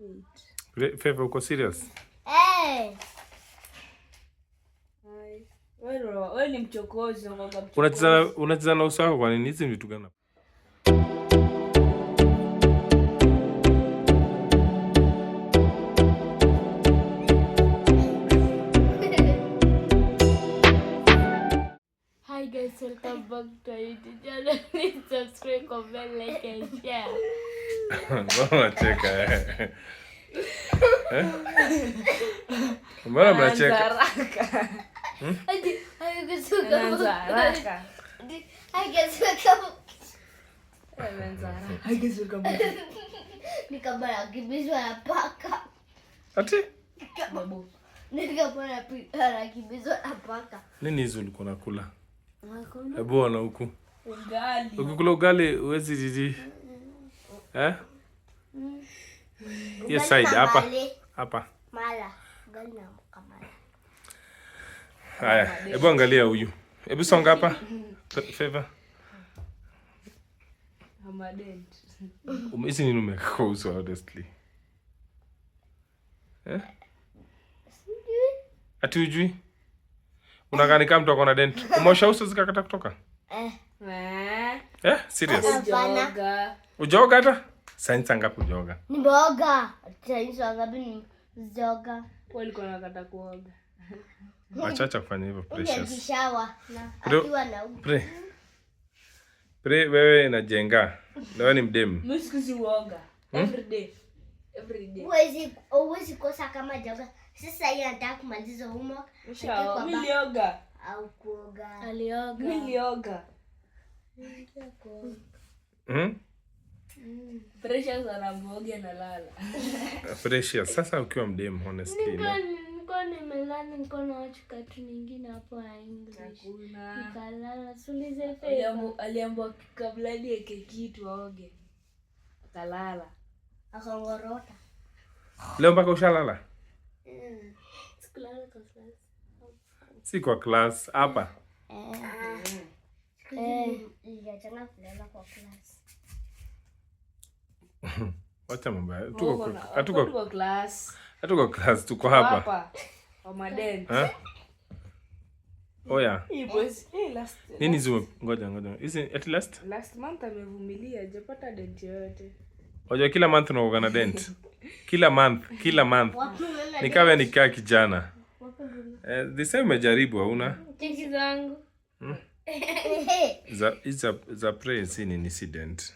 Eight. Favor, uko serious? Eh. unacheza na uso wako kwa nini hizi vitu gani? guys, welcome back to our YouTube channel. Please subscribe, comment, like and share. Mama cheka. Mbona mnacheka? Hmm? Nikakimbizwa na paka. Ati? Babu. Nikakimbizwa na paka. Nini hizo ulikuwa nakula? bwana huku. Ukikula ugali uwezi jiji eh? Yes, side hapa hapa. Haya, hebu angalia huyu. Hebu songa hapa favor. Umeizi nini umeweka uso honestly? Eh? Hatujui. Unakaa kama mtu akona dent. Umeosha uso zikakata kutoka? Eh. Eh, eh serious. Ujoga hata? Sainsi ngapi ujoga? Ni boga. Sainsi ngapi ni ujoga? Walikuwa kata kuoga. Wachacha kufanya hivyo precious. Ni Ukishawa na akiwa na uoga. Pre, wewe najenga. Na wewe ni mdemu. Mimi sikuzi uoga. Hmm? Every day. Every day. Huwezi kosa kama joga. Sasa hiyo nataka kumaliza homework. Nilioga. Au kuoga. Alioga. Nilioga. Mm? Mm. Precious anaboga na lala. Uh, sasa ukiwa mdem honestly. Nilikuwa nimelala nilikuwa na watch kati nyingine hapo ya English. Nikalala sulize fake. Aliambiwa kabla hadi yake kitu aoge. Akalala. Akangorota. Leo mpaka ushalala? si kwa class hapa eh. Eh, wacha mambo hatuko class, tuko hapa eh? Oya. Nini zume? Ngoja ngoja. Hizi at last? Last month amevumilia, hajapata dent yoyote. Oja kila month unakuwa na dent. Kila month, kila month. nikawa nikaa kijana. Eh, the same umejaribu hauna? Cheki zangu. Hmm. za za za praise ni incident.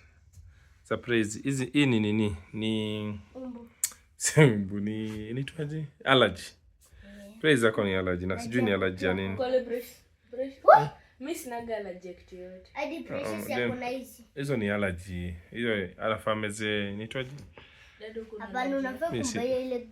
Za praise hizi hii ni nini? Ni umbu. Sio umbu ni inaitwaje? Allergy. Yeah. Praise yako ni allergy na sijui ni allergy ya nini. Pole brush. Praise. Mimi sina allergy ya kitu yoyote. Hadi brush oh, ya kuna hizi. Hizo ni allergy. Hiyo alafameze inaitwaje? Hapana, unafaa kumbaya ile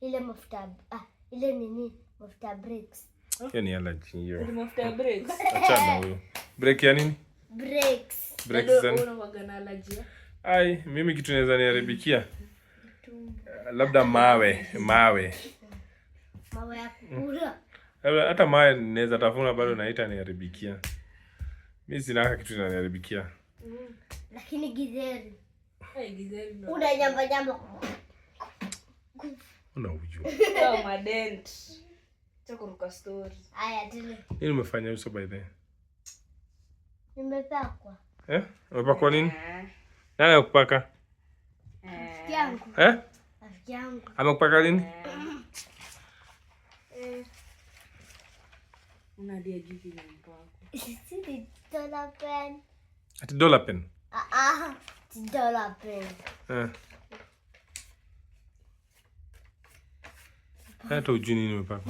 ile mafuta. Ah ile nini mafuta breaks. Hiyo ni allergy hiyo. Ni mafuta breaks. acha na huyo. Break ya nini? Breaks. Breaks ndio allergy Ai, mimi kitu naweza niharibikia. Eh, labda mawe, mawe. Mawe ya kula. Labda hata mawe naweza tafuna bado naita niharibikia. Mimi sina kitu inaniharibikia. Lakini gizeri. Hey, gizeri. Unanyamba nyamba. Oh, nini umefanya uso by the? Nimepakwa. Eh? Umepakwa nini? Eh. Nani akupaka? Rafiki eh. yangu. Eh? Rafiki yangu. Amekupaka nini? Eh. Ati dollar pen. Ah ah, dollar pen. Eh. Hata ujui nini umepaka.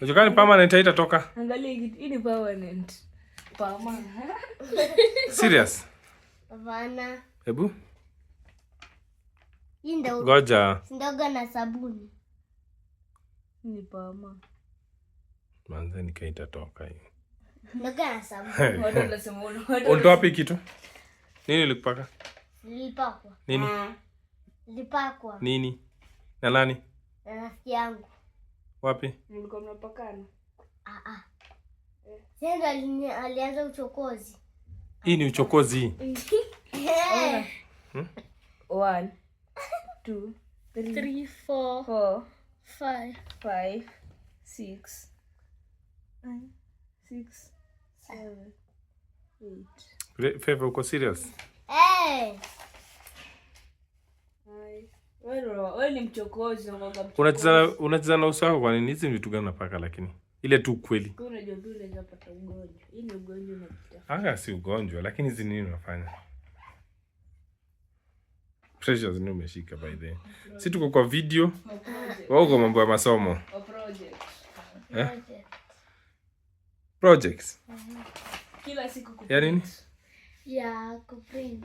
Unajua ni eh? permanent haitatoka. Serious? Vana. Hebu. Goja. Ndogo na sabuni. Ni pama. Manze nikaitatoka hii. Ndogo na sabuni. Unatoa wapi kitu? Nini ulikupaka? Nilipakwa. Nini? Mm. Nilipakwa. Nini? Na nani? Na rafiki yangu. Wapi? mnapakana? Ah ah. Sasa alianza uchokozi. Hii ni uchokozi. Hmm? uko serious? Unacheza na uso wako kwa nini? Hizi vitu gani napaka? Lakini ile tu kweli anga si ugonjwa, lakini hizi nini unafanya? Pressure zini umeshika by the Si tuko kwa video wao, kwa mambo ya masomo eh? projects ya nini? Ya kuprint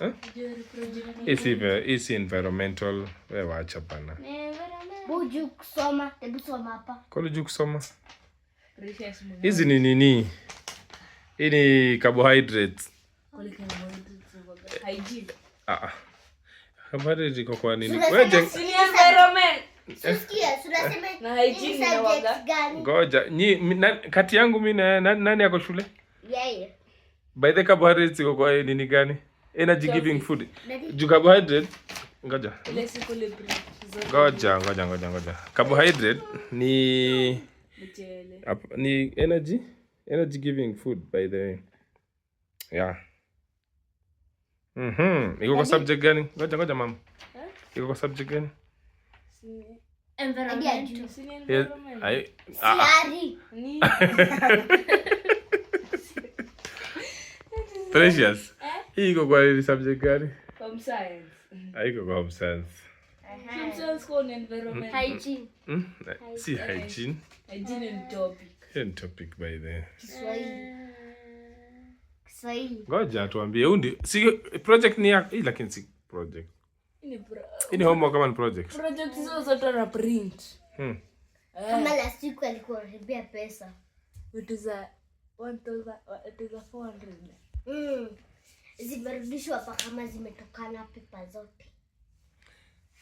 Eh? Isi environmental we wacha pana. Kolo juu kusoma hizi ni nini? Hii ni carbohydrates. Ah. Carbohydrates ah. iko kwa nini? Eh? Eh? Ngoja, kati yangu mimi nani yako shule? Yeye. By the carbohydrates iko kwa nini gani? energy giving food carbohydrate ngoja ngoja ngoja ngoja ngoja carbohydrate ni ni energy energy giving food by the way yeah mhm Mm, iko kwa subject gani ngoja ngoja mama iko kwa subject gani environment Yes. Ah. ah. precious hii iko kwa nini subject gani? Home science. Haiko ah, kwa home science. Home science kwa environment. Hygiene. Hmm? Si hygiene. Hygiene ni topic. topic by the. Kiswahili. Kiswahili. Ngoja tuambie huu si project ni ya lakini si project. Ini homo kama ni project. Project hizo zote na print. Hmm. Eh. Kama last week alikuwa anaribia pesa. It zimerudishwa hapa kama zimetokana pepa zote.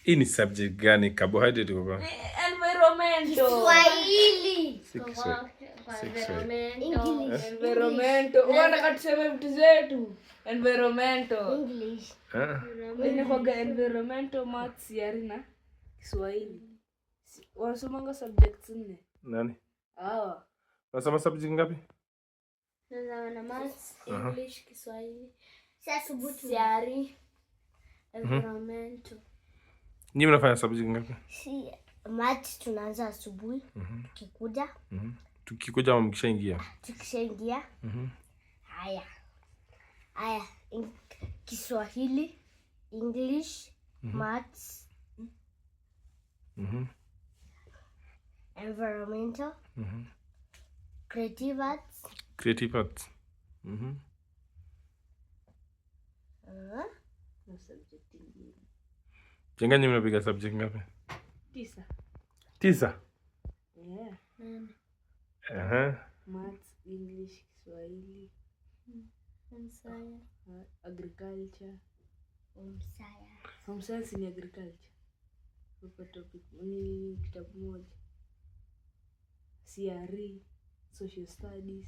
Hii ni subject gani? Carbohydrate kwa eh, environment. Kiswahili. Environment. Unataka tuseme vitu zetu. Environment. English. Ah. Inakuwa environment maths yarina Kiswahili. Wanasomanga subjects nne. Nani? Hawa. Wanasoma subject ngapi? Na maths, English, Kiswahili. Siari, mhm. environmental. Nyinyi mnafanya subject ngapi? Si math tunaanza asubuhi. Mhm. Tukikuja. Mhm. Tukikuja ama mkishaingia? Tukishaingia. Mhm. Haya. Haya, Kiswahili, English, mhm. maths. Mhm. Environmental. Mhm. Creative arts. Creative arts. Mhm. Uh, eh? Changanya mnapiga subject ngapi? Tisa. Tisa? Yeah. Maths, English, Kiswahili. Hmm. Home science. Ah, agriculture. Home science. Home science ni agriculture. Kwa topic ni kitabu moja. CRE, social studies.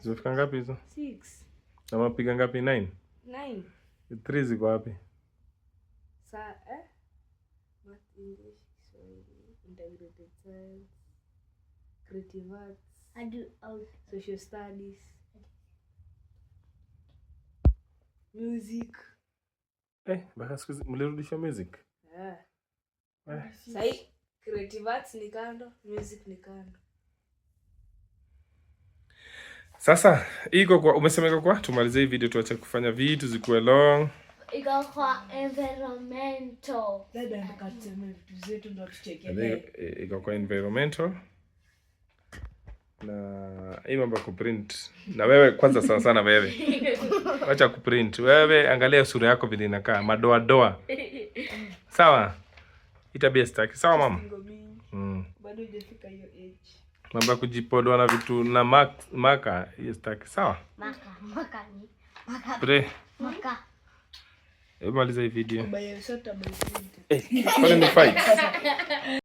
Zimefika ngapi hizo? 6. Na mapiga ngapi? Nine? Nine. Three ziko wapi? Sa eh? Math, English, Kiswahili, Integrated Science, Creative Arts, I out Social Studies, Music. Eh, baka sikuzi mlirudisha music? Yeah. Eh. eh. Sai Creative Arts ni kando, music ni kando. Sasa iko kwa umesema iko kwa tumalize hii video tuache kufanya vitu zikuwe long. Iko kwa environmental. Dada mkatemee vitu zetu ndio tuchekelee. E, iko kwa environmental. Na hii mambo kuprint. Na wewe kwanza sana sana wewe. Acha kuprint. Wewe angalia sura yako vile inakaa madoa doa. Sawa? Itabia staki. Sawa mama? Mm. Bado hujafika hiyo age. Mambo ya kujipodoa na vitu na maka, yestaki sawa? Maka, maka ni maka. Pre. Maka. Hebu maliza hii video. Eh, fight?